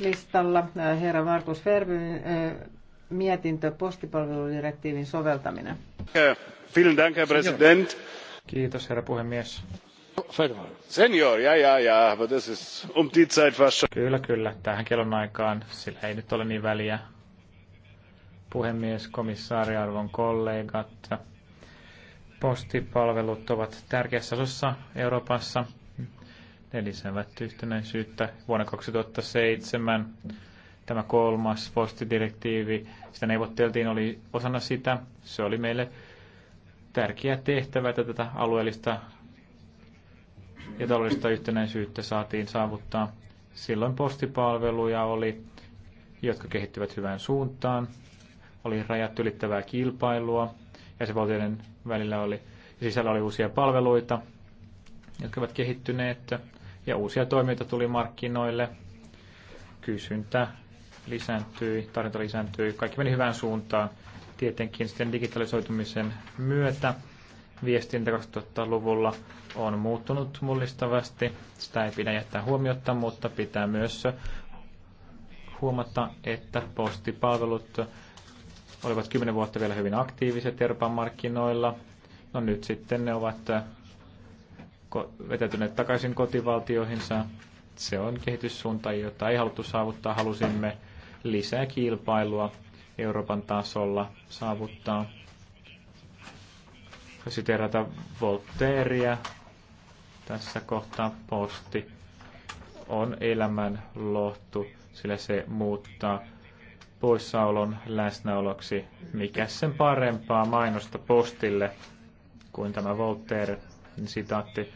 listalla herra Markus Ferbyn mietintö postipalveludirektiivin soveltaminen. Kiitos herra puhemies. Senior, ja, ja, ja, but this is um die Zeit schon. Kyllä, kyllä, tähän kellon aikaan, sillä ei nyt ole niin väliä. Puhemies, komissaari, arvon kollegat. Postipalvelut ovat tärkeässä osassa Euroopassa ne lisäävät yhtenäisyyttä. Vuonna 2007 tämä kolmas postidirektiivi, sitä neuvotteltiin, oli osana sitä. Se oli meille tärkeä tehtävä, että tätä alueellista ja taloudellista yhtenäisyyttä saatiin saavuttaa. Silloin postipalveluja oli, jotka kehittyvät hyvään suuntaan. Oli rajat ylittävää kilpailua ja se valtioiden välillä oli, sisällä oli uusia palveluita, jotka ovat kehittyneet ja uusia toimijoita tuli markkinoille. Kysyntä lisääntyi, tarjonta lisääntyi, kaikki meni hyvään suuntaan. Tietenkin sitten digitalisoitumisen myötä viestintä 2000-luvulla on muuttunut mullistavasti. Sitä ei pidä jättää huomiota, mutta pitää myös huomata, että postipalvelut olivat 10 vuotta vielä hyvin aktiiviset Euroopan markkinoilla. No nyt sitten ne ovat vetäytyneet takaisin kotivaltioihinsa. Se on kehityssuunta, jota ei haluttu saavuttaa. Halusimme lisää kilpailua Euroopan tasolla saavuttaa. Siterata Voltaireä tässä kohtaa posti on elämän lohtu, sillä se muuttaa poissaolon läsnäoloksi. Mikä sen parempaa mainosta postille kuin tämä Voltaire sitaatti.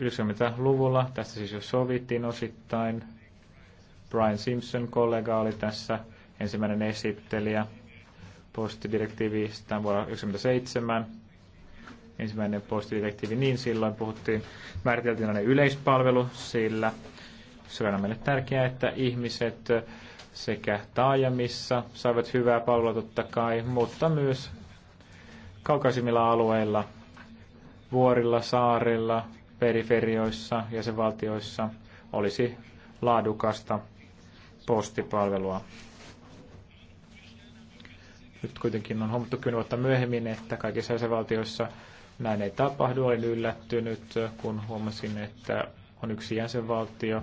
90-luvulla, tässä siis jo sovittiin osittain, Brian Simpson kollega oli tässä ensimmäinen esittelijä postidirektiivistä vuonna 1997. Ensimmäinen postidirektiivi, niin silloin puhuttiin, määriteltiin aina yleispalvelu, sillä se on meille tärkeää, että ihmiset sekä taajamissa saivat hyvää palvelua totta kai, mutta myös kaukaisimmilla alueilla vuorilla, saarilla, periferioissa ja sen valtioissa olisi laadukasta postipalvelua. Nyt kuitenkin on huomattu kymmenen vuotta myöhemmin, että kaikissa jäsenvaltioissa näin ei tapahdu. Olin yllättynyt, kun huomasin, että on yksi jäsenvaltio,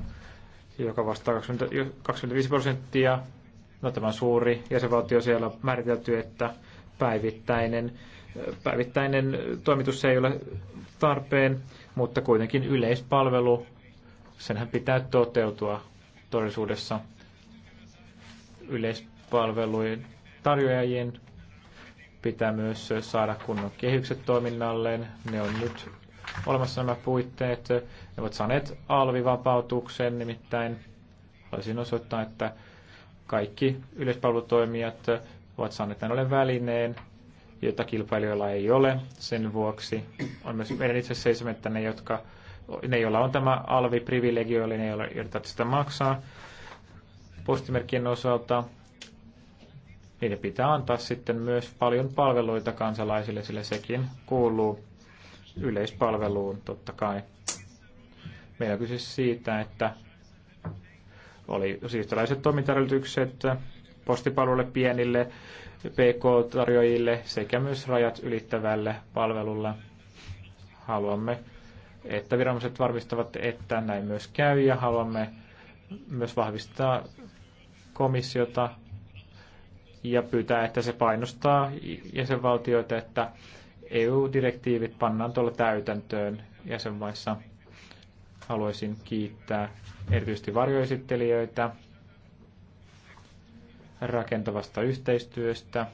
joka vastaa 20, 25 prosenttia. No tämä suuri jäsenvaltio, siellä on määritelty, että päivittäinen, päivittäinen toimitus ei ole tarpeen, mutta kuitenkin yleispalvelu, senhän pitää toteutua todellisuudessa yleispalvelujen tarjoajien pitää myös saada kunnon kehykset toiminnalleen. Ne on nyt olemassa nämä puitteet. Ne ovat saaneet alvivapautuksen, nimittäin haluaisin osoittaa, että kaikki yleispalvelutoimijat ovat saaneet tämän olen välineen, jota kilpailijoilla ei ole. Sen vuoksi on myös meidän itse asiassa että ne, jotka, ne joilla on tämä alvi privilegio, eli ne, joilla yritetään sitä maksaa postimerkkien osalta, niiden pitää antaa sitten myös paljon palveluita kansalaisille, sillä sekin kuuluu yleispalveluun totta kai. Meillä on kyse siitä, että oli siirtolaiset toimintaedellytykset postipalvelulle pienille PK-tarjoajille sekä myös rajat ylittävälle palvelulle. Haluamme, että viranomaiset varmistavat, että näin myös käy ja haluamme myös vahvistaa komissiota ja pyytää, että se painostaa jäsenvaltioita, että EU-direktiivit pannaan tuolla täytäntöön jäsenmaissa. Haluaisin kiittää erityisesti varjoesittelijöitä rakentavasta yhteistyöstä.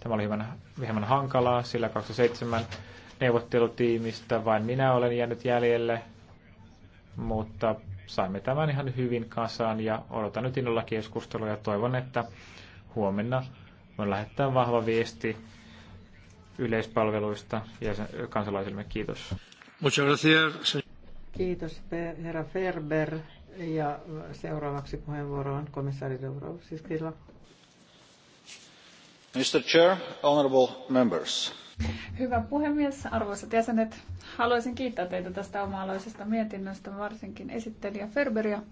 Tämä oli hieman, hieman hankalaa, sillä 27 neuvottelutiimistä vain minä olen jäänyt jäljelle, mutta saimme tämän ihan hyvin kasaan ja odotan nyt innolla keskustelua ja toivon, että huomenna voin lähettää vahva viesti yleispalveluista ja kansalaisille. Kiitos. Kiitos herra Ferber. Ja seuraavaksi puheenvuoro on komissaari Dobrovskilla. Siis Mr. Chair, honorable members. Hyvä puhemies, arvoisat jäsenet. Haluaisin kiittää teitä tästä oma-aloisesta mietinnöstä, varsinkin esittelijä Ferberia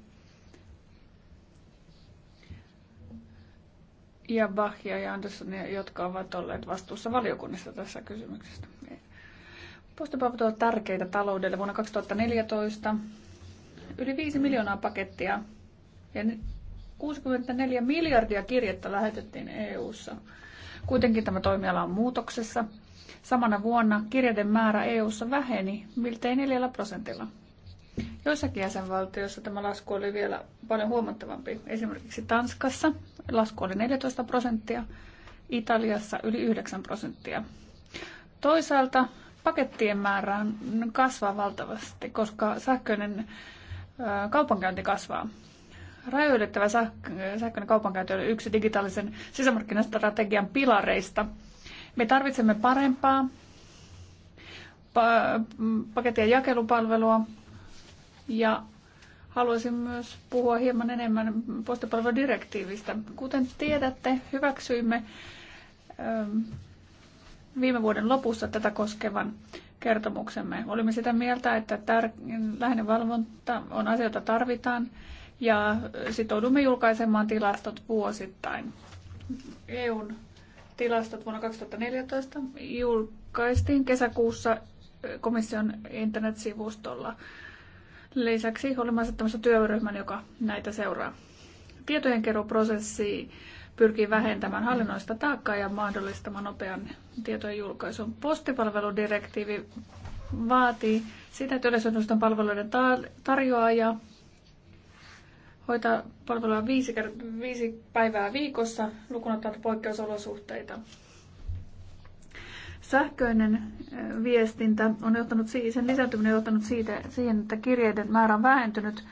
ja Bachia ja Anderssonia, jotka ovat olleet vastuussa valiokunnissa tässä kysymyksestä. Postipalvelut ovat tärkeitä taloudelle. Vuonna 2014 yli 5 miljoonaa pakettia ja 64 miljardia kirjettä lähetettiin EU:ssa. Kuitenkin tämä toimiala on muutoksessa. Samana vuonna kirjeiden määrä EU:ssa väheni miltei 4 prosentilla. Joissakin jäsenvaltioissa tämä lasku oli vielä paljon huomattavampi. Esimerkiksi Tanskassa lasku oli 14 prosenttia, Italiassa yli 9 prosenttia. Toisaalta pakettien määrä kasvaa valtavasti, koska sähköinen kaupankäynti kasvaa. Rajoitettava sähköinen kaupankäynti on yksi digitaalisen sisämarkkinastrategian pilareista. Me tarvitsemme parempaa pakettien jakelupalvelua ja haluaisin myös puhua hieman enemmän postipalveludirektiivistä. Kuten tiedätte, hyväksyimme viime vuoden lopussa tätä koskevan kertomuksemme. Olimme sitä mieltä, että tär- läheinen valvonta on asioita tarvitaan ja sitoudumme julkaisemaan tilastot vuosittain. EUn tilastot vuonna 2014 julkaistiin kesäkuussa komission internetsivustolla. Lisäksi olemme asettamassa työryhmän, joka näitä seuraa. Tietojenkeruprosessi pyrkii vähentämään hallinnoista taakkaa ja mahdollistamaan nopean tietojen julkaisun. Postipalveludirektiivi vaatii sitä, että yleisönnustan palveluiden tarjoaja hoitaa palvelua viisi, viisi päivää viikossa lukunottamatta poikkeusolosuhteita. Sähköinen viestintä on johtanut, sen lisääntyminen on johtanut siitä, siihen, että kirjeiden määrä on vähentynyt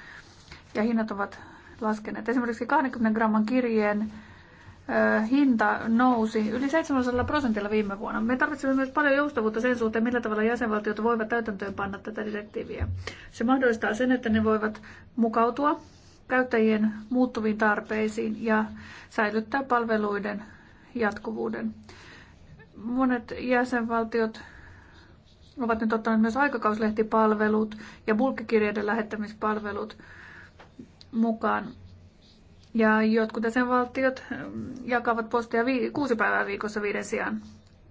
ja hinnat ovat laskeneet. Esimerkiksi 20 gramman kirjeen hinta nousi yli 700 prosentilla viime vuonna. Me tarvitsemme myös paljon joustavuutta sen suhteen, millä tavalla jäsenvaltiot voivat täytäntöön panna tätä direktiiviä. Se mahdollistaa sen, että ne voivat mukautua käyttäjien muuttuviin tarpeisiin ja säilyttää palveluiden jatkuvuuden. Monet jäsenvaltiot ovat nyt ottaneet myös aikakauslehtipalvelut ja bulkkikirjeiden lähettämispalvelut mukaan ja jotkut jäsenvaltiot ähm, jakavat postia vi- kuusi päivää viikossa viiden sijaan.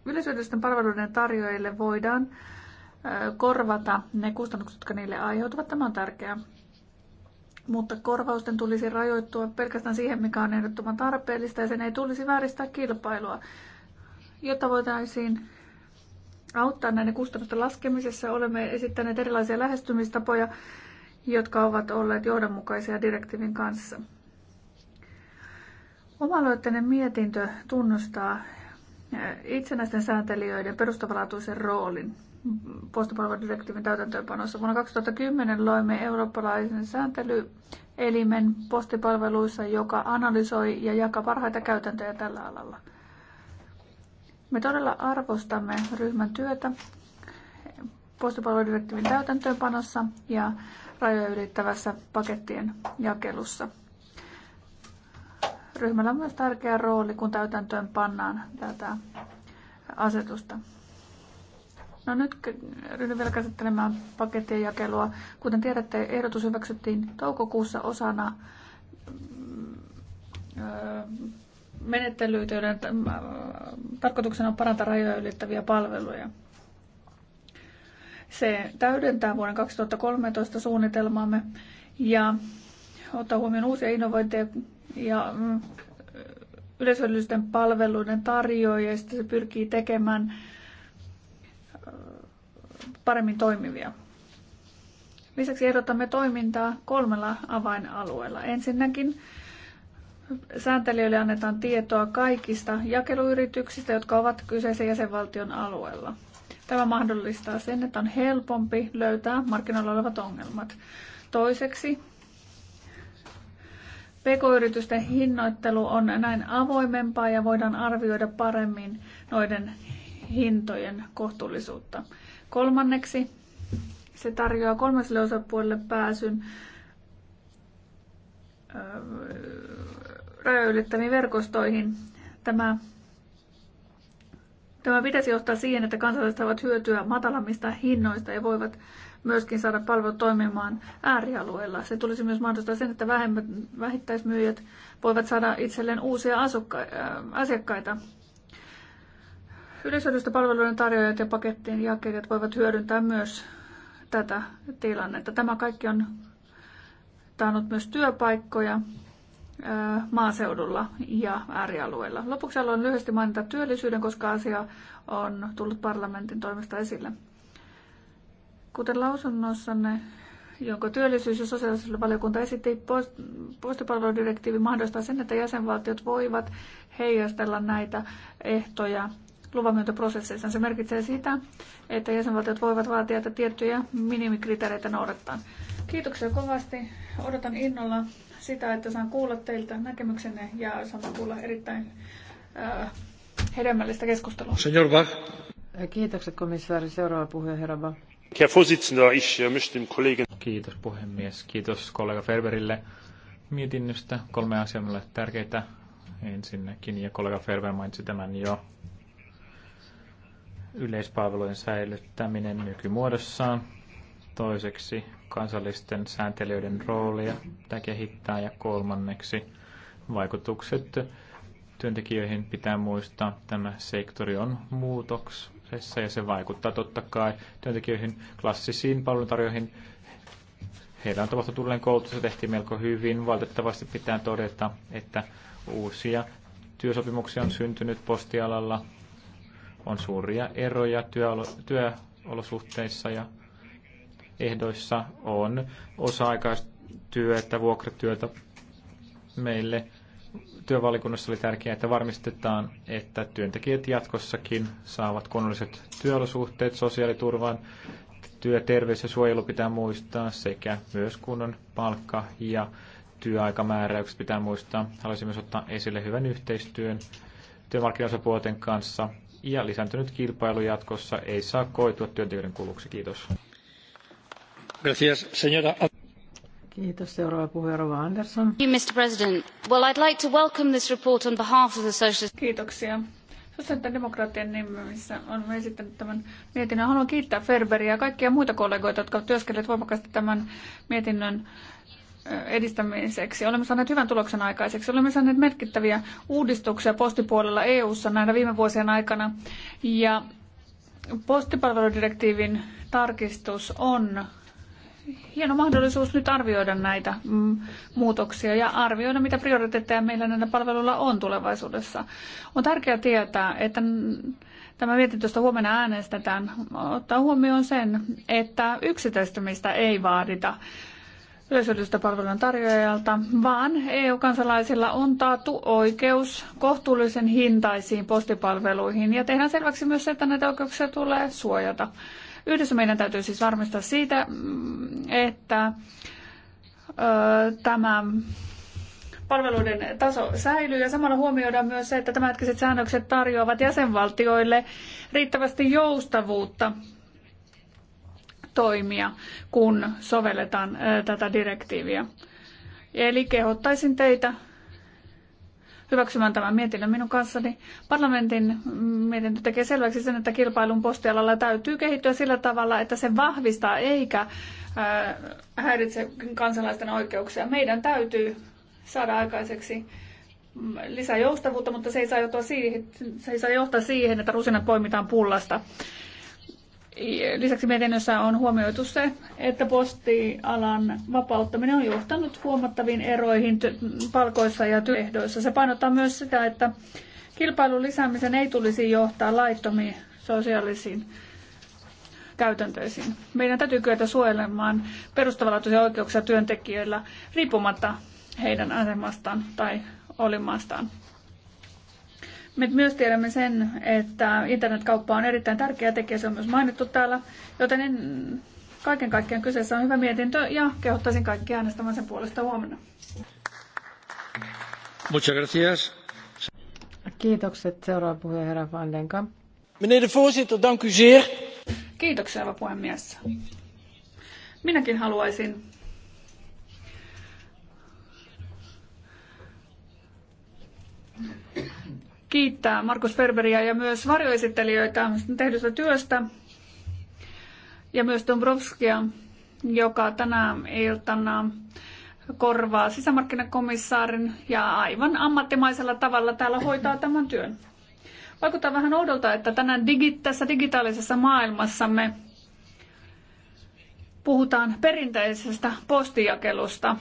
Yleishyödyllisten palveluiden tarjoajille voidaan äh, korvata ne kustannukset, jotka niille aiheutuvat. Tämä on tärkeää. Mutta korvausten tulisi rajoittua pelkästään siihen, mikä on ehdottoman tarpeellista ja sen ei tulisi vääristää kilpailua, jotta voitaisiin auttaa näiden kustannusten laskemisessa. Olemme esittäneet erilaisia lähestymistapoja, jotka ovat olleet johdonmukaisia direktiivin kanssa. Oma-aloitteinen mietintö tunnustaa eh, itsenäisten sääntelijöiden perustavanlaatuisen roolin postipalveludirektiivin täytäntöönpanossa. Vuonna 2010 loimme eurooppalaisen sääntelyelimen postipalveluissa, joka analysoi ja jakaa parhaita käytäntöjä tällä alalla. Me todella arvostamme ryhmän työtä postipalveludirektiivin täytäntöönpanossa ja rajoja ylittävässä pakettien jakelussa. Ryhmällä on myös tärkeä rooli, kun täytäntöön pannaan tätä asetusta. No nyt ryhdyn vielä käsittelemään pakettien jakelua. Kuten tiedätte, ehdotus hyväksyttiin toukokuussa osana mm, menettelyitä, joiden mm, tarkoituksena on parantaa rajoja ylittäviä palveluja. Se täydentää vuoden 2013 suunnitelmaamme ja ottaa huomioon uusia innovointeja ja mm, yleisöllisten palveluiden tarjoajista se pyrkii tekemään paremmin toimivia. Lisäksi ehdotamme toimintaa kolmella avainalueella. Ensinnäkin sääntelijöille annetaan tietoa kaikista jakeluyrityksistä, jotka ovat kyseisen jäsenvaltion alueella. Tämä mahdollistaa sen, että on helpompi löytää markkinoilla olevat ongelmat. Toiseksi PK-yritysten hinnoittelu on näin avoimempaa ja voidaan arvioida paremmin noiden hintojen kohtuullisuutta. Kolmanneksi se tarjoaa kolmaselle osapuolelle pääsyn rajoylittäviin verkostoihin. Tämä Tämä pitäisi johtaa siihen, että kansalaiset saavat hyötyä matalammista hinnoista ja voivat myöskin saada palvelut toimimaan äärialueilla. Se tulisi myös mahdollistaa sen, että vähemmät, vähittäismyyjät voivat saada itselleen uusia asukka- äh, asiakkaita. Yleisöllisten palveluiden tarjoajat ja pakettien jakelijat voivat hyödyntää myös tätä tilannetta. Tämä kaikki on taannut myös työpaikkoja maaseudulla ja äärialueilla. Lopuksi haluan lyhyesti mainita työllisyyden, koska asia on tullut parlamentin toimesta esille. Kuten lausunnossanne, jonka työllisyys- ja sosiaalisella valiokunta esitti, postipalveludirektiivi mahdollistaa sen, että jäsenvaltiot voivat heijastella näitä ehtoja luvanmyöntöprosesseissa. Se merkitsee sitä, että jäsenvaltiot voivat vaatia, että tiettyjä minimikriteereitä noudattaa. Kiitoksia kovasti. Odotan innolla sitä, että saan kuulla teiltä näkemyksenne ja saan kuulla erittäin äh, hedelmällistä keskustelua. Senior Bach. Kiitokset komissaari. Seuraava puhuja, herra Bach. Äh, Kiitos puhemies. Kiitos kollega Ferberille mietinnöstä. Kolme asiaa minulle tärkeitä ensinnäkin, ja kollega Ferber mainitsi tämän jo. Yleispalvelujen säilyttäminen nykymuodossaan. Toiseksi kansallisten sääntelijöiden roolia pitää kehittää ja kolmanneksi vaikutukset työntekijöihin pitää muistaa. Tämä sektori on muutoksessa ja se vaikuttaa totta kai työntekijöihin klassisiin palveluntarjoihin. Heillä on tapahtunut tulleen koulutus ja tehtiin melko hyvin. Valitettavasti pitää todeta, että uusia työsopimuksia on syntynyt postialalla. On suuria eroja työolosuhteissa ja ehdoissa on osa-aikaistyötä, vuokratyötä meille. Työvalikunnassa oli tärkeää, että varmistetaan, että työntekijät jatkossakin saavat kunnolliset työolosuhteet, sosiaaliturvan, työ, terveys ja suojelu pitää muistaa sekä myös kunnon palkka ja työaikamääräykset pitää muistaa. Haluaisin myös ottaa esille hyvän yhteistyön työmarkkinaosapuolten kanssa ja lisääntynyt kilpailu jatkossa ei saa koitua työntekijöiden kuluksi. Kiitos. Gracias, señora. Mr. President. I'd like to welcome this report on behalf of the Sosiaalidemokraattien nimissä on esittänyt tämän mietinnön. Haluan kiittää Ferberia ja kaikkia muita kollegoita, jotka ovat työskennelleet voimakkaasti tämän mietinnön edistämiseksi. Olemme saaneet hyvän tuloksen aikaiseksi. Olemme saaneet merkittäviä uudistuksia postipuolella EU-ssa näinä viime vuosien aikana. Ja postipalveludirektiivin tarkistus on hieno mahdollisuus nyt arvioida näitä mm, muutoksia ja arvioida, mitä prioriteetteja meillä näillä palveluilla on tulevaisuudessa. On tärkeää tietää, että tämä josta huomenna äänestetään, ottaa huomioon sen, että yksityistämistä ei vaadita yleisöllistä palvelun tarjoajalta, vaan EU-kansalaisilla on taattu oikeus kohtuullisen hintaisiin postipalveluihin ja tehdään selväksi myös se, että näitä oikeuksia tulee suojata. Yhdessä meidän täytyy siis varmistaa siitä, mm, että tämä palveluiden taso säilyy ja samalla huomioidaan myös se, että tämänhetkiset säännökset tarjoavat jäsenvaltioille riittävästi joustavuutta toimia, kun sovelletaan tätä direktiiviä. Eli kehottaisin teitä hyväksymään tämän mietinnön minun kanssani. Parlamentin mietintö tekee selväksi sen, että kilpailun postialalla täytyy kehittyä sillä tavalla, että se vahvistaa eikä äh, häiritse kansalaisten oikeuksia. Meidän täytyy saada aikaiseksi mm, lisää joustavuutta, mutta se ei saa, johtaa siihen, se ei saa johtaa siihen, että rusinat poimitaan pullasta. Lisäksi mietinnössä on huomioitu se, että postialan vapauttaminen on johtanut huomattaviin eroihin palkoissa ja työehdoissa. Se painottaa myös sitä, että kilpailun lisäämisen ei tulisi johtaa laittomiin sosiaalisiin käytäntöisiin. Meidän täytyy kyetä suojelemaan perustavanlaatuisia oikeuksia työntekijöillä riippumatta heidän asemastaan tai olimastaan. Me myös tiedämme sen, että internetkauppa on erittäin tärkeä tekijä, se on myös mainittu täällä, joten en, kaiken kaikkiaan kyseessä on hyvä mietintö ja kehottaisin kaikki äänestämään sen puolesta huomenna. Muchas gracias. Kiitokset. Seuraava puhuja herra Van den Kamp. Meneer de voorzitter, dank u zeer. Kiitoksia, herra puhemies. Minäkin haluaisin kiittää Markus Ferberia ja myös varjoesittelijöitä tehdystä työstä ja myös Dombrovskia, joka tänä iltana korvaa sisämarkkinakomissaarin ja aivan ammattimaisella tavalla täällä hoitaa tämän työn. Vaikuttaa vähän oudolta, että tänään digi- tässä digitaalisessa maailmassamme puhutaan perinteisestä postijakelusta.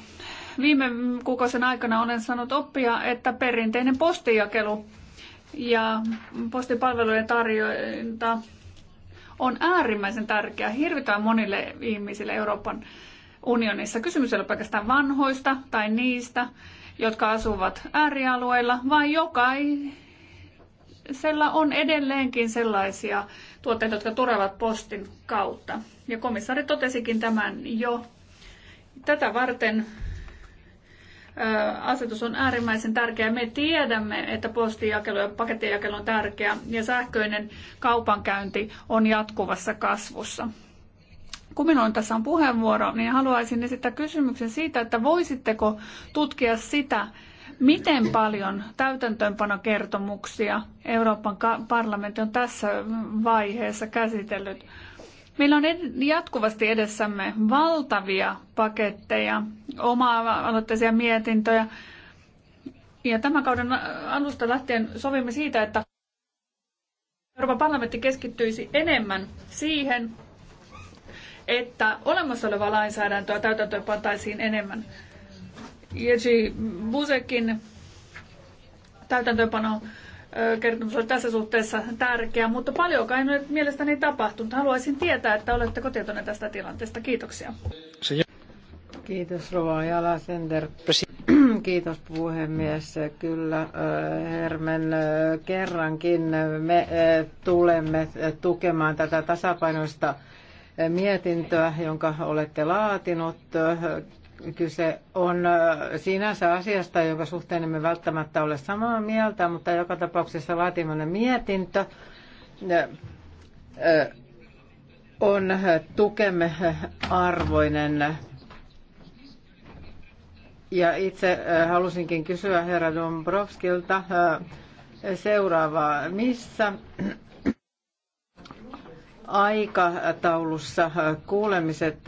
Viime kuukausien aikana olen saanut oppia, että perinteinen postijakelu ja postipalvelujen tarjonta on äärimmäisen tärkeää hirvittävän monille ihmisille Euroopan unionissa. Kysymys ei ole pelkästään vanhoista tai niistä, jotka asuvat äärialueilla, vaan jokaisella on edelleenkin sellaisia tuotteita, jotka tulevat postin kautta. Ja komissaari totesikin tämän jo. Tätä varten asetus on äärimmäisen tärkeä. Me tiedämme, että postijakelu ja pakettijakelu on tärkeä ja sähköinen kaupankäynti on jatkuvassa kasvussa. Kun minulla on tässä on puheenvuoro, niin haluaisin esittää kysymyksen siitä, että voisitteko tutkia sitä, miten paljon täytäntöönpanokertomuksia Euroopan parlamentti on tässä vaiheessa käsitellyt Meillä on jatkuvasti edessämme valtavia paketteja, oma-aloitteisia mietintöjä. Ja tämän kauden alusta lähtien sovimme siitä, että Euroopan parlamentti keskittyisi enemmän siihen, että olemassa olevaa lainsäädäntöä täytäntöön pantaisiin enemmän. Jerzy Busekin täytäntöönpano kertomus oli tässä suhteessa tärkeä, mutta paljonkaan ei ole tapahtunut. Haluaisin tietää, että oletteko tietoinen tästä tilanteesta. Kiitoksia. Kiitos Rova Jalasender. Kiitos puhemies. Kyllä Hermen kerrankin me tulemme tukemaan tätä tasapainoista mietintöä, jonka olette laatinut. Kyse on sinänsä asiasta, jonka suhteen emme välttämättä ole samaa mieltä, mutta joka tapauksessa vaatimainen mietintö on tukemme arvoinen. Ja itse halusinkin kysyä herra Dombrovskilta seuraavaa. Missä aikataulussa kuulemiset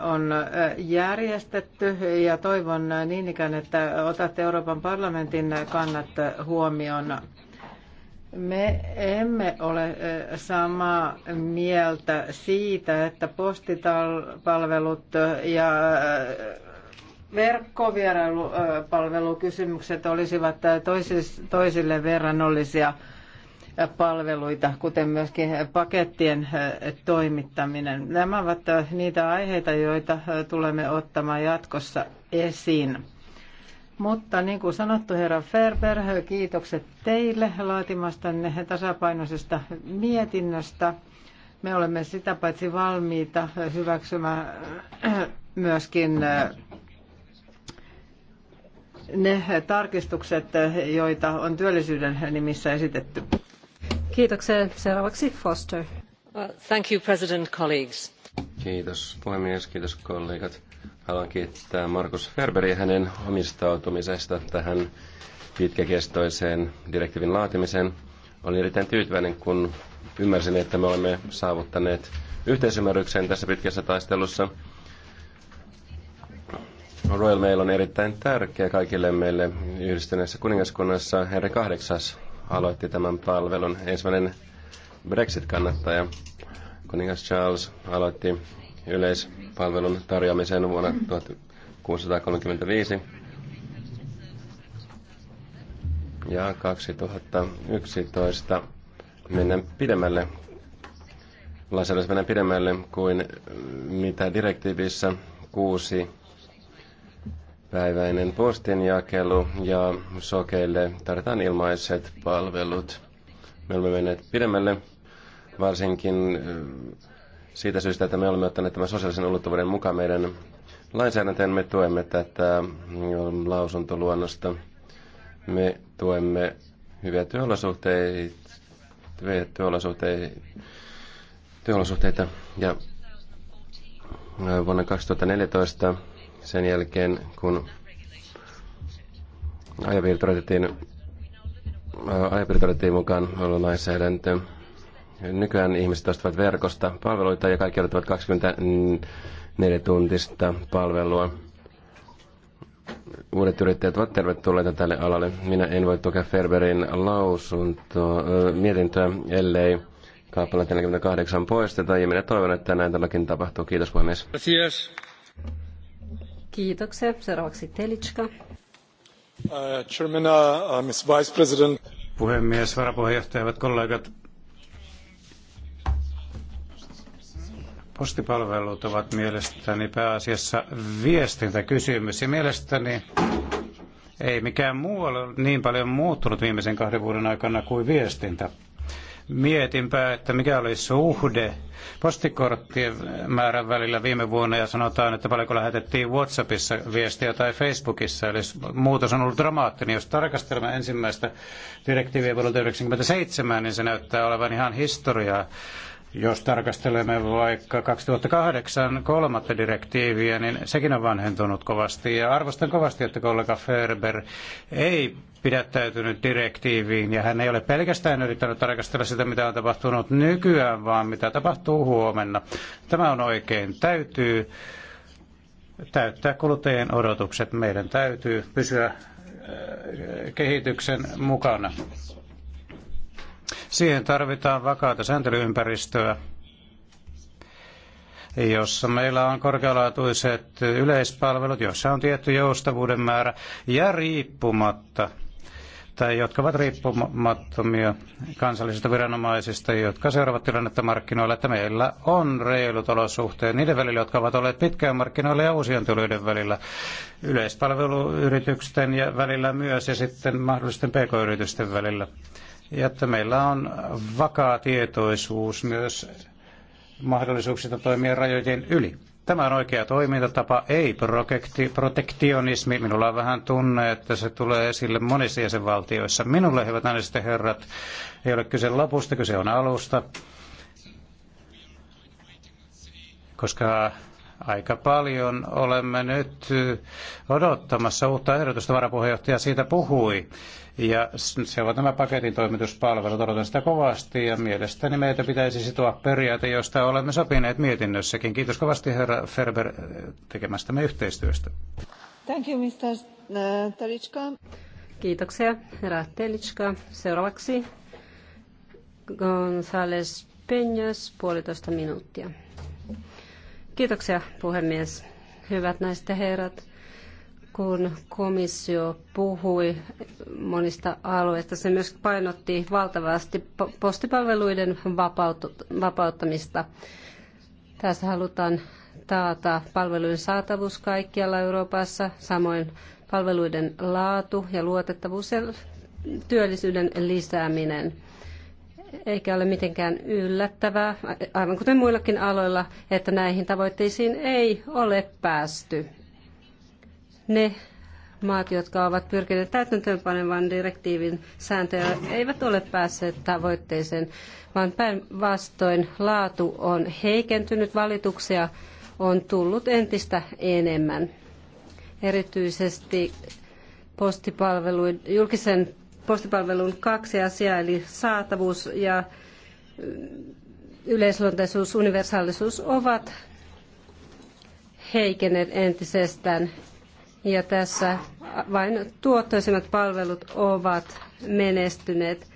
on järjestetty ja toivon niin ikään, että otatte Euroopan parlamentin kannat huomioon. Me emme ole e, samaa mieltä siitä, että postipalvelut ja e, verkkovierailupalvelukysymykset e, olisivat toisille verrannollisia palveluita, kuten myöskin pakettien äh, toimittaminen. Nämä ovat äh, niitä aiheita, joita äh, tulemme ottamaan jatkossa esiin. Mutta niin kuin sanottu, herra Ferber, kiitokset teille laatimastanne tasapainoisesta mietinnöstä. Me olemme sitä paitsi valmiita hyväksymään myöskin ne tarkistukset, joita on työllisyyden nimissä esitetty. Kiitoksia. Seuraavaksi Foster. Uh, thank you, President, colleagues. Kiitos puhemies, kiitos kollegat. Haluan kiittää Markus Ferberiä hänen omistautumisesta tähän pitkäkestoiseen direktiivin laatimiseen. Olin erittäin tyytyväinen, kun ymmärsin, että me olemme saavuttaneet yhteisymmärryksen tässä pitkässä taistelussa. Royal Mail on erittäin tärkeä kaikille meille yhdistyneessä kuningaskunnassa. Henri kahdeksas aloitti tämän palvelun. Ensimmäinen Brexit-kannattaja, kuningas Charles, aloitti yleispalvelun tarjoamisen vuonna 1635 ja 2011 mennään pidemmälle lainsäädännössä mennään pidemmälle kuin mitä direktiivissä 6 päiväinen postinjakelu ja sokeille tarjotaan ilmaiset palvelut. Me olemme menneet pidemmälle, varsinkin eh, siitä syystä, että me olemme ottaneet tämän sosiaalisen ulottuvuuden mukaan meidän lainsäädäntöön. Me tuemme tätä mm, lausuntoluonnosta. Me tuemme hyviä työolosuhteita, hyviä työolosuhteita, työolosuhteita ja eh, vuonna 2014 sen jälkeen, kun ajopiirit otettiin, äh, mukaan ollut lainsäädäntö. Nykyään ihmiset ostavat verkosta palveluita ja kaikki odottavat 24 tuntista palvelua. Uudet yrittäjät ovat tervetulleita tälle alalle. Minä en voi tukea Ferberin lausuntoa, äh, mietintöä, ellei kappale 48 poisteta. Ja minä toivon, että näin tälläkin tapahtuu. Kiitos puhemies. Kiitos. Kiitoksia. Seuraavaksi Telitska. Uh, chairman, uh, uh, Miss Vice President. Puhemies, varapuheenjohtaja, hyvät kollegat. Postipalvelut ovat mielestäni pääasiassa viestintäkysymys ja mielestäni ei mikään muu ole niin paljon muuttunut viimeisen kahden vuoden aikana kuin viestintä mietinpä, että mikä oli suhde postikorttien määrän välillä viime vuonna ja sanotaan, että paljonko lähetettiin Whatsappissa viestiä tai Facebookissa. Eli muutos on ollut dramaattinen. Jos tarkastelemme ensimmäistä direktiiviä vuodelta 1997, niin se näyttää olevan ihan historiaa. Jos tarkastelemme vaikka 2008 kolmatta direktiiviä, niin sekin on vanhentunut kovasti. Ja arvostan kovasti, että kollega Ferber ei pidättäytynyt direktiiviin ja hän ei ole pelkästään yrittänyt tarkastella sitä, mitä on tapahtunut nykyään, vaan mitä tapahtuu huomenna. Tämä on oikein. Täytyy täyttää kuluttajien odotukset. Meidän täytyy pysyä äh, kehityksen mukana. Siihen tarvitaan vakaata sääntelyympäristöä, jossa meillä on korkealaatuiset yleispalvelut, joissa on tietty joustavuuden määrä ja riippumatta tai jotka ovat riippumattomia kansallisista viranomaisista, jotka seuraavat tilannetta markkinoilla, että meillä on reilut olosuhteet niiden välillä, jotka ovat olleet pitkään markkinoilla ja uusien tulijoiden välillä, yleispalveluyritysten ja välillä myös ja sitten mahdollisten pk-yritysten välillä. Ja että meillä on vakaa tietoisuus myös mahdollisuuksista toimia rajojen yli. Tämä on oikea toimintatapa, ei protektionismi. Minulla on vähän tunne, että se tulee esille monissa jäsenvaltioissa. Minulle, hyvät naiset ja herrat, ei ole kyse lopusta, kyse on alusta. Koska aika paljon olemme nyt odottamassa uutta ehdotusta, varapuheenjohtaja siitä puhui. Ja se ovat nämä paketin toimituspalvelut. Odotan sitä kovasti ja mielestäni meitä pitäisi sitoa periaate, josta olemme sopineet mietinnössäkin. Kiitos kovasti herra Ferber tekemästämme yhteistyöstä. Thank you, Mr. Uh, Telichka. Kiitoksia, herra Telitska. Seuraavaksi González Peñas, puolitoista minuuttia. Kiitoksia, puhemies. Hyvät naiset ja herrat kun komissio puhui monista alueista, se myös painotti valtavasti postipalveluiden vapauttamista. Tässä halutaan taata palveluiden saatavuus kaikkialla Euroopassa, samoin palveluiden laatu ja luotettavuus ja työllisyyden lisääminen. Eikä ole mitenkään yllättävää, aivan kuten muillakin aloilla, että näihin tavoitteisiin ei ole päästy ne maat, jotka ovat pyrkineet täytäntöönpanevan direktiivin sääntöjä, eivät ole päässeet tavoitteeseen, vaan päinvastoin laatu on heikentynyt, valituksia on tullut entistä enemmän. Erityisesti postipalveluin, julkisen postipalvelun kaksi asiaa, eli saatavuus ja yleisluonteisuus, universaalisuus ovat heikenneet entisestään ja tässä vain tuottoisimmat palvelut ovat menestyneet.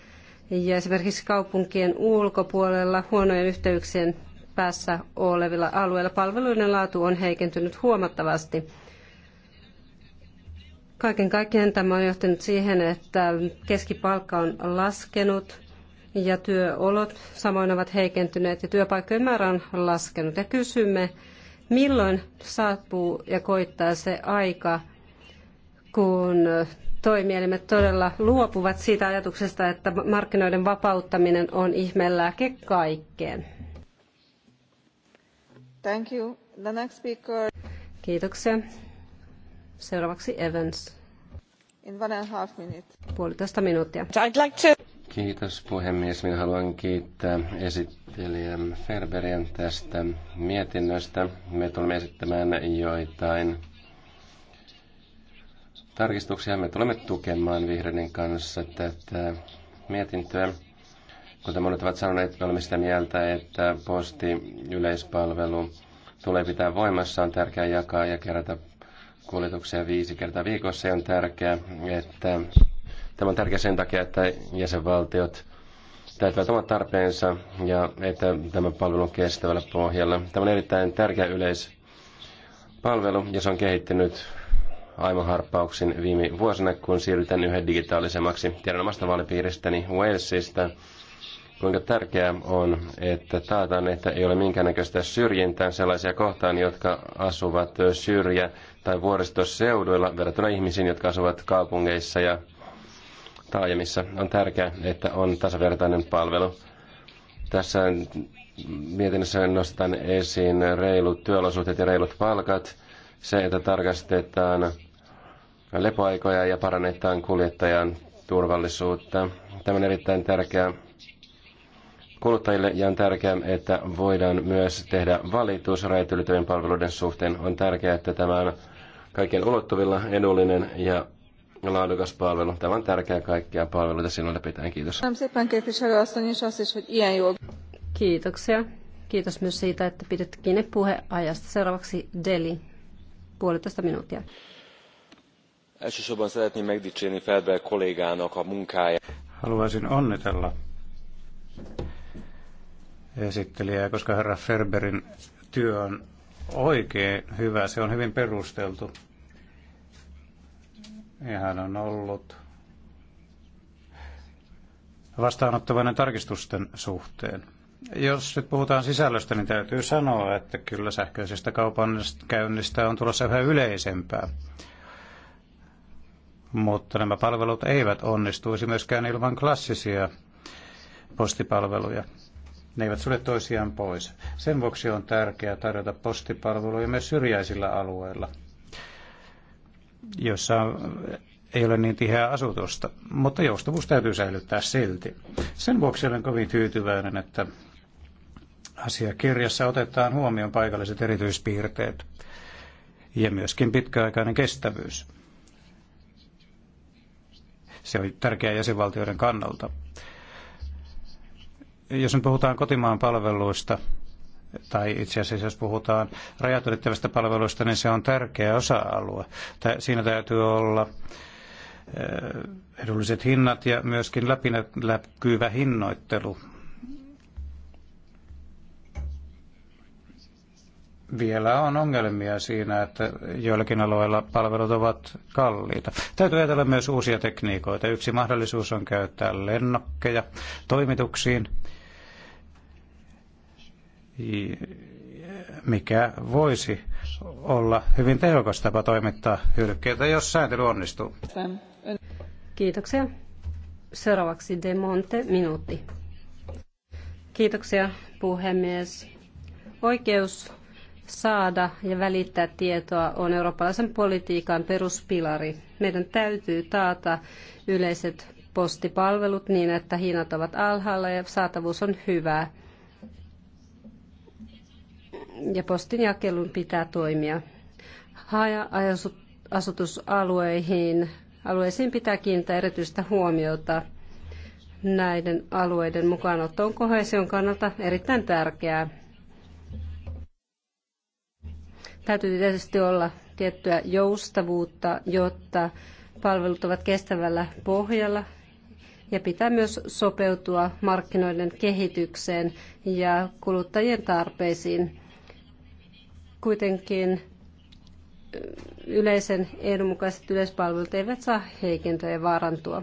Ja esimerkiksi kaupunkien ulkopuolella huonojen yhteyksien päässä olevilla alueilla palveluiden laatu on heikentynyt huomattavasti. Kaiken kaikkiaan tämä on johtanut siihen, että keskipalkka on laskenut ja työolot samoin ovat heikentyneet ja työpaikkojen määrä on laskenut. Ja kysymme, Milloin saapuu ja koittaa se aika, kun toimielimet todella luopuvat siitä ajatuksesta, että markkinoiden vapauttaminen on ihmelääke kaikkeen? Thank you. The next speaker. Kiitoksia. Seuraavaksi Evans. In one and a half minute. Puolitoista minuuttia. I'd like to... Kiitos puhemies. Minä haluan kiittää esittelijä Ferberian tästä mietinnöstä. Me tulemme esittämään joitain tarkistuksia. Me tulemme tukemaan vihreiden kanssa tätä mietintöä. Kuten monet ovat sanoneet, me olemme sitä mieltä, että posti-yleispalvelu tulee pitää voimassa. On tärkeää jakaa ja kerätä kuljetuksia viisi kertaa viikossa. Se on tärkeää, että Tämä on tärkeä sen takia, että jäsenvaltiot täyttävät omat tarpeensa ja että tämä palvelu on kestävällä pohjalla. Tämä on erittäin tärkeä yleispalvelu ja se on kehittynyt aivan harppauksin viime vuosina, kun siirrytään yhden digitaalisemmaksi. Tiedän omasta vaalipiiristäni Walesista, kuinka tärkeää on, että taataan, että ei ole minkäännäköistä syrjintää sellaisia kohtaan, jotka asuvat syrjä- tai vuoristoseuduilla verrattuna ihmisiin, jotka asuvat kaupungeissa ja taajamissa. On tärkeää, että on tasavertainen palvelu. Tässä mietinnössä nostetaan esiin reilut työolosuhteet ja reilut palkat, se, että tarkastetaan lepoaikoja ja parannetaan kuljettajan turvallisuutta. Tämä on erittäin tärkeää kuluttajille ja on tärkeää, että voidaan myös tehdä valitus rajat palveluiden suhteen. On tärkeää, että tämä on kaikkien ulottuvilla, edullinen ja laadukas palvelu. Tämä on tärkeää kaikkia palveluita sinulle pitää. Kiitos. Kiitoksia. Kiitos myös siitä, että pidät kiinni puheajasta. Seuraavaksi Deli, puolitoista minuuttia. Elsősorban szeretném megdicsérni Felber kollégának a munkáját. Haluaisin onnitella esittelijää, koska herra Ferberin työ on oikein hyvä. Se on hyvin perusteltu. Ja hän on ollut vastaanottavainen tarkistusten suhteen. Jos nyt puhutaan sisällöstä, niin täytyy sanoa, että kyllä sähköisestä kaupankäynnistä on tulossa yhä yleisempää. Mutta nämä palvelut eivät onnistuisi myöskään ilman klassisia postipalveluja. Ne eivät sulle toisiaan pois. Sen vuoksi on tärkeää tarjota postipalveluja myös syrjäisillä alueilla – jossa ei ole niin tiheää asutusta, mutta joustavuus täytyy säilyttää silti. Sen vuoksi olen kovin tyytyväinen, että asiakirjassa otetaan huomioon paikalliset erityispiirteet ja myöskin pitkäaikainen kestävyys. Se on tärkeää jäsenvaltioiden kannalta. Jos me puhutaan kotimaan palveluista, tai itse asiassa jos puhutaan rajat ylittävistä palveluista, niin se on tärkeä osa-alue. Siinä täytyy olla eh, edulliset hinnat ja myöskin läpinäkyvä hinnoittelu. Vielä on ongelmia siinä, että joillakin alueilla palvelut ovat kalliita. Täytyy ajatella myös uusia tekniikoita. Yksi mahdollisuus on käyttää lennokkeja toimituksiin mikä voisi olla hyvin tehokas tapa toimittaa hylkeitä, jos sääntely onnistuu. Kiitoksia. Seuraavaksi De Monte, minuutti. Kiitoksia, puhemies. Oikeus saada ja välittää tietoa on eurooppalaisen politiikan peruspilari. Meidän täytyy taata yleiset postipalvelut niin, että hinnat ovat alhaalla ja saatavuus on hyvää ja postinjakelun pitää toimia. Haja-asutusalueihin alueisiin pitää kiinnittää erityistä huomiota. Näiden alueiden mukaanotto on kohesion kannalta erittäin tärkeää. Täytyy tietysti olla tiettyä joustavuutta, jotta palvelut ovat kestävällä pohjalla ja pitää myös sopeutua markkinoiden kehitykseen ja kuluttajien tarpeisiin. Kuitenkin yleisen ehdon mukaiset yleispalvelut eivät saa heikentyä ja vaarantua.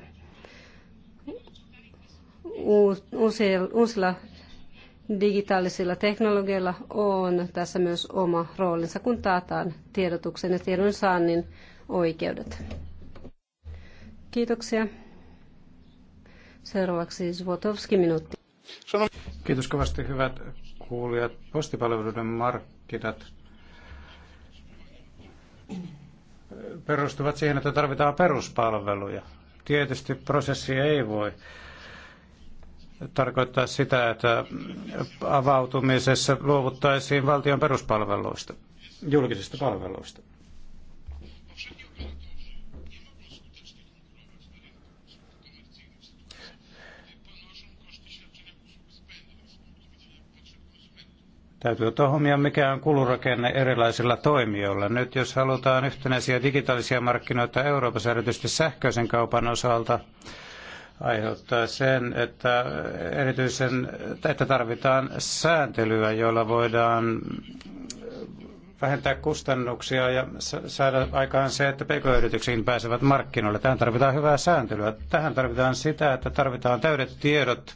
Uusilla digitaalisilla teknologioilla on tässä myös oma roolinsa, kun taataan tiedotuksen ja tiedon saannin oikeudet. Kiitoksia. Seuraavaksi Zvotovski minuutti. Kiitos kovasti hyvät kuulijat. Postipalveluiden markkinat perustuvat siihen, että tarvitaan peruspalveluja. Tietysti prosessi ei voi tarkoittaa sitä, että avautumisessa luovuttaisiin valtion peruspalveluista, julkisista palveluista. Täytyy ottaa huomioon, mikä on kulurakenne erilaisilla toimijoilla. Nyt jos halutaan yhtenäisiä digitaalisia markkinoita Euroopassa, erityisesti sähköisen kaupan osalta, aiheuttaa sen, että, erityisen, että tarvitaan sääntelyä, jolla voidaan vähentää kustannuksia ja saada aikaan se, että pk pääsevät markkinoille. Tähän tarvitaan hyvää sääntelyä. Tähän tarvitaan sitä, että tarvitaan täydet tiedot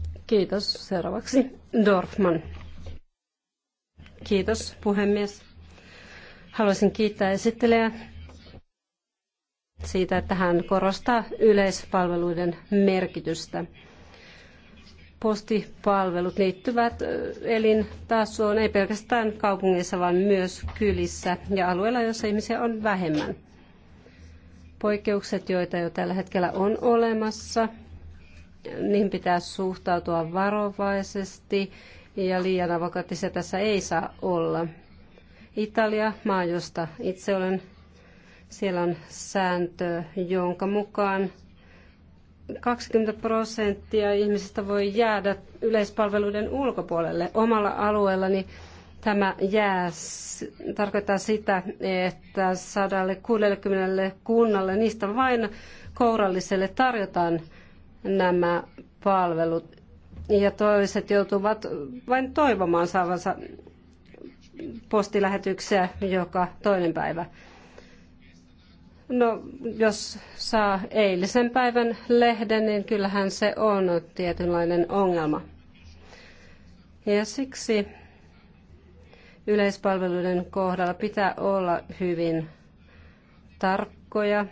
Kiitos. Seuraavaksi Dorfman. Kiitos puhemies. Haluaisin kiittää esittelijää siitä, että hän korostaa yleispalveluiden merkitystä. Postipalvelut liittyvät elintasoon ei pelkästään kaupungeissa, vaan myös kylissä ja alueilla, joissa ihmisiä on vähemmän. Poikkeukset, joita jo tällä hetkellä on olemassa, niihin pitää suhtautua varovaisesti ja liian avokaattisia tässä ei saa olla. Italia, maa josta itse olen, siellä on sääntö, jonka mukaan 20 prosenttia ihmisistä voi jäädä yleispalveluiden ulkopuolelle. Omalla alueellani tämä jää tarkoittaa sitä, että 160 kunnalle niistä vain kouralliselle tarjotaan nämä palvelut. Ja toiset joutuvat vain toivomaan saavansa postilähetyksiä joka toinen päivä. No, jos saa eilisen päivän lehden, niin kyllähän se on tietynlainen ongelma. Ja siksi yleispalveluiden kohdalla pitää olla hyvin tarkkoja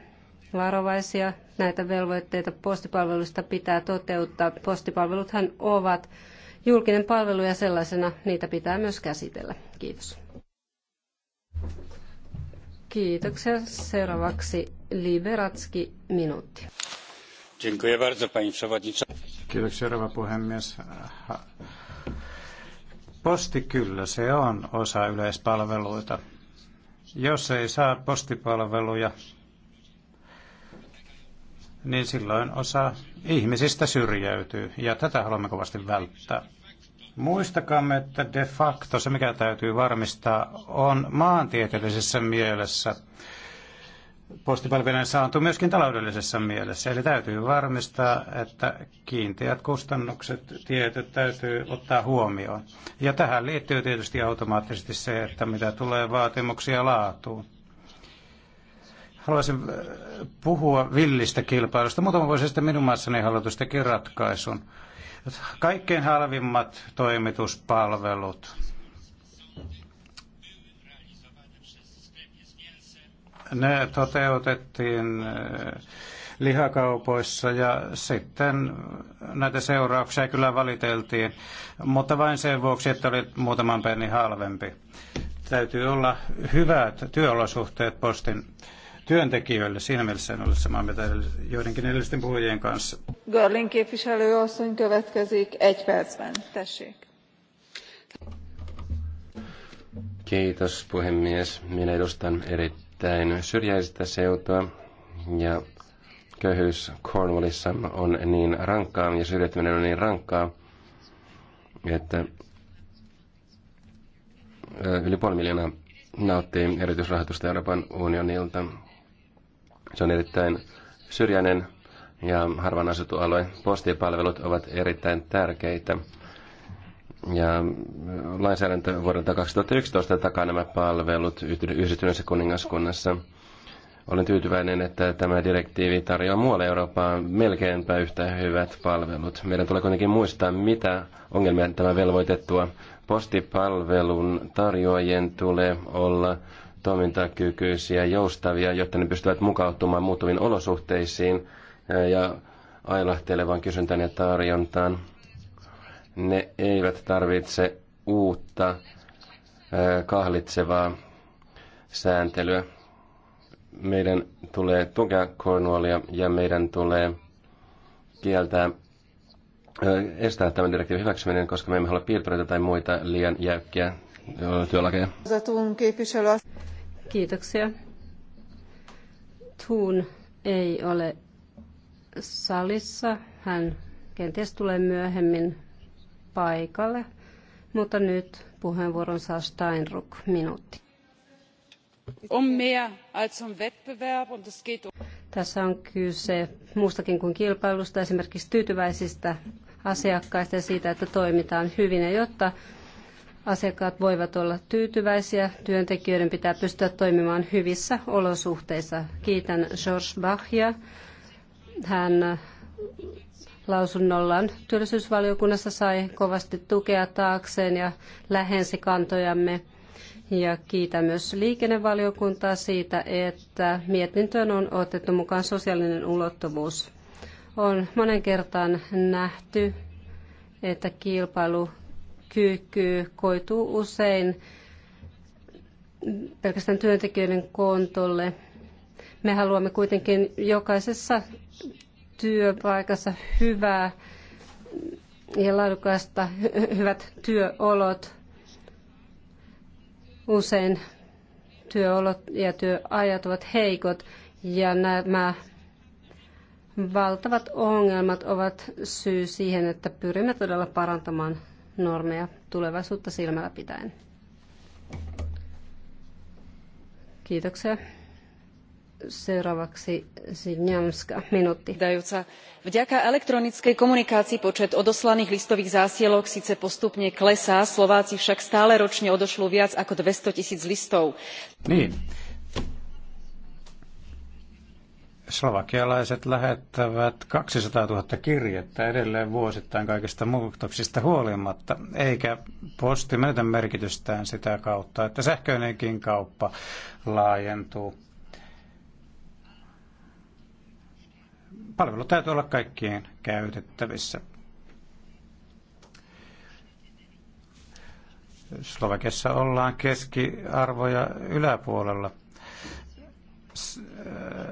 varovaisia. Näitä velvoitteita postipalveluista pitää toteuttaa. Postipalveluthan ovat julkinen palvelu ja sellaisena niitä pitää myös käsitellä. Kiitos. Kiitoksia. Seuraavaksi Liberatski minuutti. Kiitoksia, rouva puhemies. Posti kyllä, se on osa yleispalveluita. Jos ei saa postipalveluja, niin silloin osa ihmisistä syrjäytyy, ja tätä haluamme kovasti välttää. Muistakaamme, että de facto se, mikä täytyy varmistaa, on maantieteellisessä mielessä postipalvelujen saanto myöskin taloudellisessa mielessä. Eli täytyy varmistaa, että kiinteät kustannukset, tietyt täytyy ottaa huomioon. Ja tähän liittyy tietysti automaattisesti se, että mitä tulee vaatimuksia laatuun. Haluaisin äh, puhua villistä kilpailusta. Muutama vuosi sitten minun maassani hallitus teki ratkaisun. Kaikkein halvimmat toimituspalvelut. Ne toteutettiin äh, lihakaupoissa ja sitten näitä seurauksia kyllä valiteltiin, mutta vain sen vuoksi, että oli muutaman penni halvempi. Täytyy olla hyvät työolosuhteet postin työntekijöille. Siinä mielessä en ole samaa mieltä joidenkin edellisten puhujien kanssa. Görling képviselőasszony következik egy percben. Tessék. Kiitos puhemies. Minä edustan erittäin syrjäistä seutua ja köyhyys Cornwallissa on niin rankkaa ja syrjäytyminen on niin rankkaa, että yli puoli miljoonaa nauttii erityisrahoitusta Euroopan unionilta. Se on erittäin syrjäinen ja harvan asuttu alue. Postipalvelut ovat erittäin tärkeitä. Ja lainsäädäntö vuodelta 2011 takaa nämä palvelut yhdistyneessä kuningaskunnassa. Olen tyytyväinen, että tämä direktiivi tarjoaa muualle Eurooppaan melkeinpä yhtä hyvät palvelut. Meidän tulee kuitenkin muistaa, mitä ongelmia tämä velvoitettua postipalvelun tarjoajien tulee olla toimintakykyisiä, joustavia, jotta ne pystyvät mukautumaan muuttuviin olosuhteisiin eh, ja ailahtelevan kysyntään ja tarjontaan. Ne eivät tarvitse uutta eh, kahlitsevaa sääntelyä. Meidän tulee tukea Cornwallia ja meidän tulee kieltää eh, estää tämän direktiivin hyväksyminen, koska me emme halua piirtureita tai muita liian jäykkiä työlakeja. Kiitoksia. Tuun ei ole salissa. Hän kenties tulee myöhemmin paikalle, mutta nyt puheenvuoron saa Steinruck minuutti. Um um um- Tässä on kyse muustakin kuin kilpailusta, esimerkiksi tyytyväisistä asiakkaista ja siitä, että toimitaan hyvin. Ja jotta Asiakkaat voivat olla tyytyväisiä. Työntekijöiden pitää pystyä toimimaan hyvissä olosuhteissa. Kiitän George Bachia. Hän lausunnollaan työllisyysvaliokunnassa sai kovasti tukea taakseen ja lähensi kantojamme. Ja kiitän myös liikennevaliokuntaa siitä, että mietintöön on otettu mukaan sosiaalinen ulottuvuus. On monen kertaan nähty, että kilpailu kyky, koituu usein pelkästään työntekijöiden kontolle. Me haluamme kuitenkin jokaisessa työpaikassa hyvää ja laadukasta, hyvät työolot. Usein työolot ja työajat ovat heikot ja nämä valtavat ongelmat ovat syy siihen, että pyrimme todella parantamaan normeja tulevaisuutta silmällä pitäen. Kiitoksia. Seuraavaksi Zidňamska, minuutti. Dajúca. Vďaka elektronickej komunikácii počet odoslaných listových zásielok sice postupne klesá, Slováci však stále ročne odošlú viac ako 200 tisíc listov. Niin, Slovakialaiset lähettävät 200 000 kirjettä edelleen vuosittain kaikista muutoksista huolimatta, eikä posti menetä merkitystään sitä kautta, että sähköinenkin kauppa laajentuu. Palvelu täytyy olla kaikkien käytettävissä. Slovakiassa ollaan keskiarvoja yläpuolella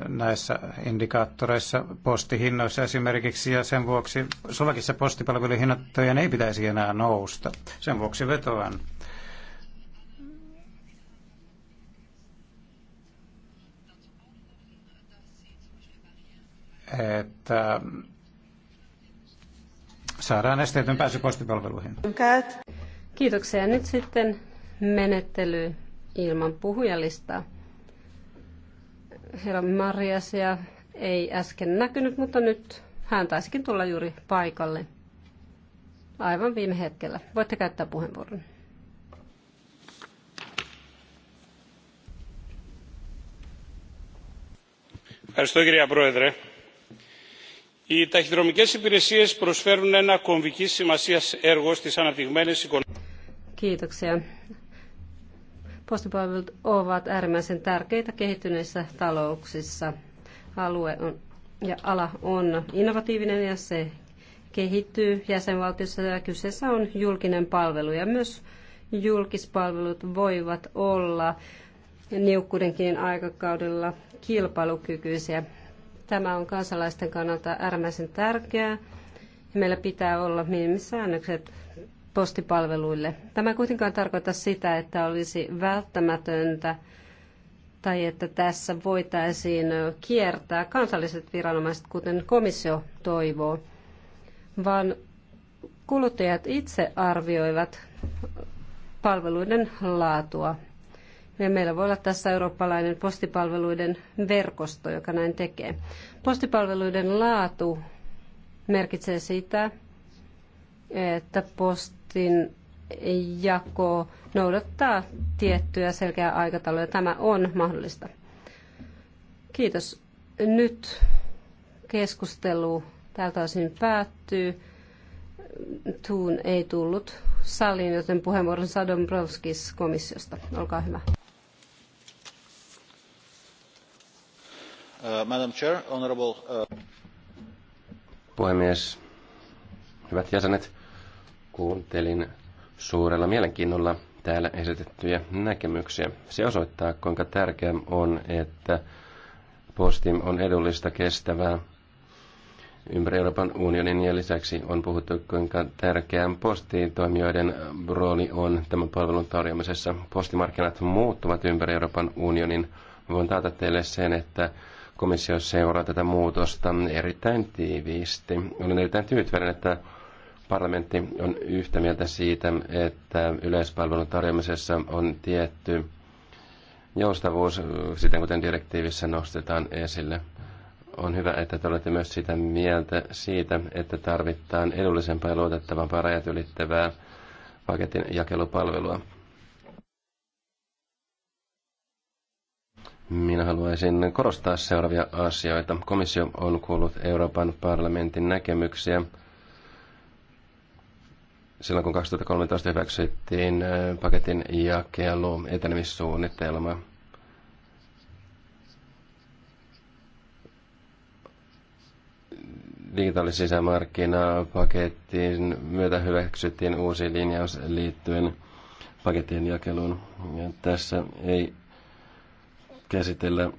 näissä indikaattoreissa postihinnoissa esimerkiksi, ja sen vuoksi Slovakissa postipalveluhinnoittojen ei pitäisi enää nousta. Sen vuoksi vetoan että saadaan esteetön pääsy postipalveluihin. Kiitoksia. Nyt sitten menettely ilman puhujalistaa herra Mariasia ei äsken näkynyt, mutta nyt hän taisikin tulla juuri paikalle aivan viime hetkellä. Voitte käyttää puheenvuoron. Ευχαριστώ κυρία Πρόεδρε. Οι ταχυδρομικές υπηρεσίες προσφέρουν ένα κομβικής σημασίας έργο στις αναπτυγμένες οικονομίες. Kiitoksia Postipalvelut ovat äärimmäisen tärkeitä kehittyneissä talouksissa. Alue on, ja ala on innovatiivinen ja se kehittyy jäsenvaltiossa ja kyseessä on julkinen palvelu ja myös julkispalvelut voivat olla niukkuudenkin aikakaudella kilpailukykyisiä. Tämä on kansalaisten kannalta äärimmäisen tärkeää. Meillä pitää olla minimisäännökset postipalveluille. Tämä kuitenkaan tarkoita sitä, että olisi välttämätöntä tai että tässä voitaisiin kiertää kansalliset viranomaiset, kuten komissio toivoo, vaan kuluttajat itse arvioivat palveluiden laatua. Ja meillä voi olla tässä eurooppalainen postipalveluiden verkosto, joka näin tekee. Postipalveluiden laatu merkitsee sitä, että post Putin jako noudattaa tiettyä selkeää aikataulua. Tämä on mahdollista. Kiitos. Nyt keskustelu tältä osin päättyy. Tuun ei tullut saliin, joten puheenvuoron Brovskis komissiosta. Olkaa hyvä. Uh, Madam Chair, honorable, uh... Puhemies, hyvät jäsenet. Kuuntelin suurella mielenkiinnolla täällä esitettyjä näkemyksiä. Se osoittaa, kuinka tärkeää on, että posti on edullista, kestävää ympäri Euroopan unionin ja lisäksi on puhuttu, kuinka tärkeää postitoimijoiden rooli on tämän palvelun tarjoamisessa. Postimarkkinat muuttuvat ympäri Euroopan unionin. Voin taata teille sen, että komissio seuraa tätä muutosta erittäin tiiviisti. Olen erittäin tyytyväinen, että Parlamentti on yhtä mieltä siitä, että yleispalvelun tarjoamisessa on tietty joustavuus, siten kuten direktiivissä nostetaan esille. On hyvä, että te olette myös sitä mieltä siitä, että tarvitaan edullisempaa ja luotettavampaa rajat ylittävää paketin jakelupalvelua. Minä haluaisin korostaa seuraavia asioita. Komissio on kuullut Euroopan parlamentin näkemyksiä silloin kun 2013 hyväksyttiin äh, paketin jakelu etenemissuunnitelma. digitaalisisämarkkinapaketin myötä hyväksyttiin uusi linjaus liittyen pakettien jakeluun. Ja tässä ei käsitellä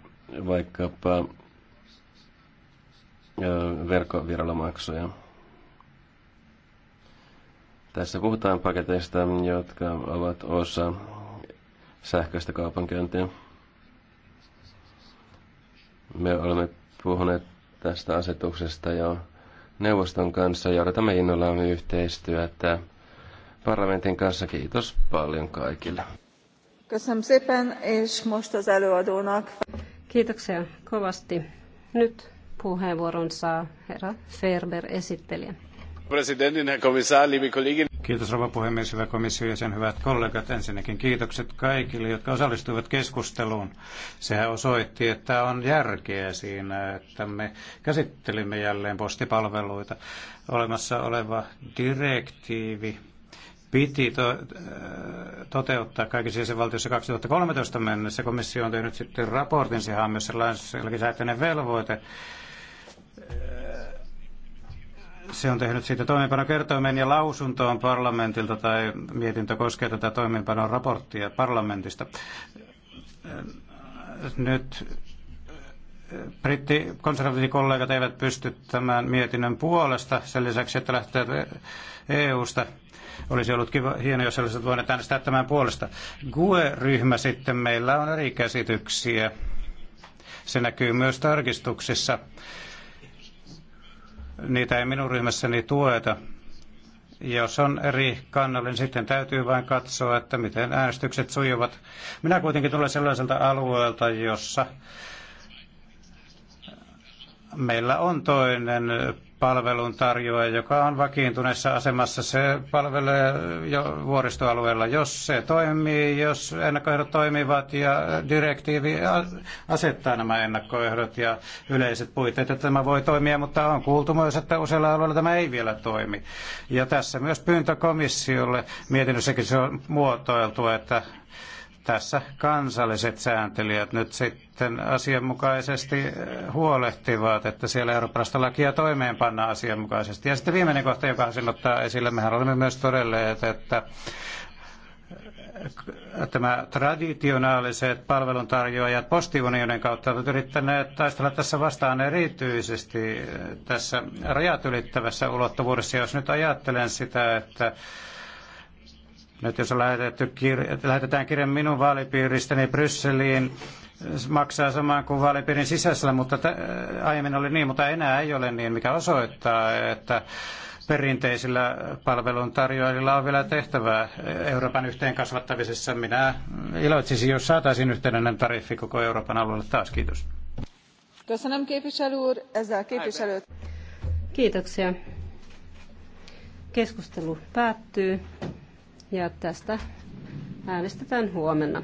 vaikkapa äh, verkkoviralomaksuja. maksuja tässä puhutaan paketeista, jotka ovat osa sähköistä kaupankäyntiä. Me olemme puhuneet tästä asetuksesta jo neuvoston kanssa ja odotamme innolla yhteistyötä parlamentin kanssa. Kiitos paljon kaikille. Kiitoksia kovasti. Nyt puheenvuoron saa herra Ferber esittelijä. Presidentin herr Kommissar, liebe Kiitos rouva puhemies, hyvä komissio ja sen hyvät kollegat. Ensinnäkin kiitokset kaikille, jotka osallistuivat keskusteluun. Sehän osoitti, että on järkeä siinä, että me käsittelimme jälleen postipalveluita. Olemassa oleva direktiivi piti to, äh, toteuttaa kaikissa jäsenvaltioissa 2013 mennessä. Komissio on tehnyt sitten raportin, sehän on myös sellainen velvoite äh, se on tehnyt siitä toimeenpanokertoimen ja lausuntoon parlamentilta tai mietintö koskee tätä toimeenpanon raporttia parlamentista. Nyt eh, brittikonservatiivikollegat eivät pysty tämän mietinnön puolesta sen lisäksi, että lähtee EU-sta. Olisi ollut kiva, hieno, jos olisit voineet äänestää tämän puolesta. GUE-ryhmä sitten meillä on eri käsityksiä. Se näkyy myös tarkistuksissa. Niitä ei minun ryhmässäni tueta. Jos on eri kannalle, niin sitten täytyy vain katsoa, että miten äänestykset sujuvat. Minä kuitenkin tulen sellaiselta alueelta, jossa meillä on toinen palvelun tarjoaja, joka on vakiintuneessa asemassa. Se palvelee jo vuoristoalueella, jos se toimii, jos ennakkoehdot toimivat ja direktiivi asettaa nämä ennakkoehdot ja yleiset puitteet, että tämä voi toimia, mutta on kuultu myös, että useilla alueilla tämä ei vielä toimi. Ja tässä myös pyyntö komissiolle, mietinnössäkin se on muotoiltu, että tässä kansalliset sääntelijät nyt sitten asianmukaisesti eh, huolehtivat, että siellä eurooppalaista lakia toimeenpannaan asianmukaisesti. Ja sitten viimeinen kohta, joka haluaisin ottaa esille, mehän olemme myös todelleet, että eh, tämä traditionaaliset palveluntarjoajat postiunionin kautta ovat yrittäneet taistella tässä vastaan erityisesti eh, tässä rajat ylittävässä ulottuvuudessa. Jos nyt ajattelen sitä, että nyt jos kir- lähetetään kirje minun vaalipiiristäni Brysseliin, maksaa samaan kuin vaalipiirin sisäisellä, mutta äh, aiemmin oli niin, mutta enää ei ole niin, mikä osoittaa, että perinteisillä palveluntarjoajilla on vielä tehtävää Euroopan yhteen kasvattamisessa. Minä iloitsisin, jos saataisiin yhtenäinen tariffi koko Euroopan alueelle taas. Kiitos. Kiitoksia. Keskustelu päättyy ja tästä äänestetään huomenna.